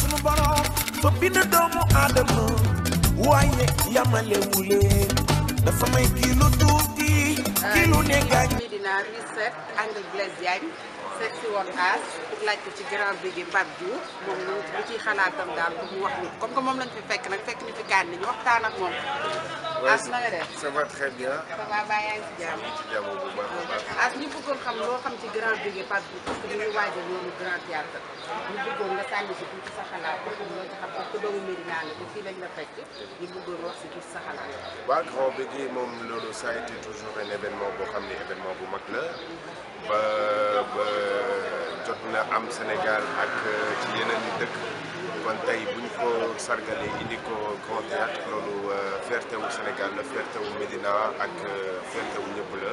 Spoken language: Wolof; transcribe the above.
sunu borom fa bind doomu aadama waaye yamalewu dafa may kii lu tuuti ne gaañ dinaa reset ànd Blaise Diagne seet si woon aas pour laaj ko ci grand bi gi Pape Diouf moom lu lu ciy xalaatam daal pour mu wax ni comme que moom lañ fekk nag fekk ni fi kaan ñu waxtaan ak moom aas na nga def ça va très bien xam loo xam ci grand billet parce que parce que dañuy waajal loolu grand théâtre ñu bëggoon nga sànni si tuuti sa xalaat ba xam loo ci xam parce que doomu Médina la te fii lañ la fekk ñu bëggoon wax si tuuti sa xalaat waaw grand billet moom loolu ça a été toujours un événement boo xam ne événement bu mag la ba ba jot na am Sénégal ak ci yeneen i dëkk kon tey bu ñu ko sargalee indi ko grand théâtre loolu fierté wu Sénégal la fierté wu Médina ak fierté wu ñëpp la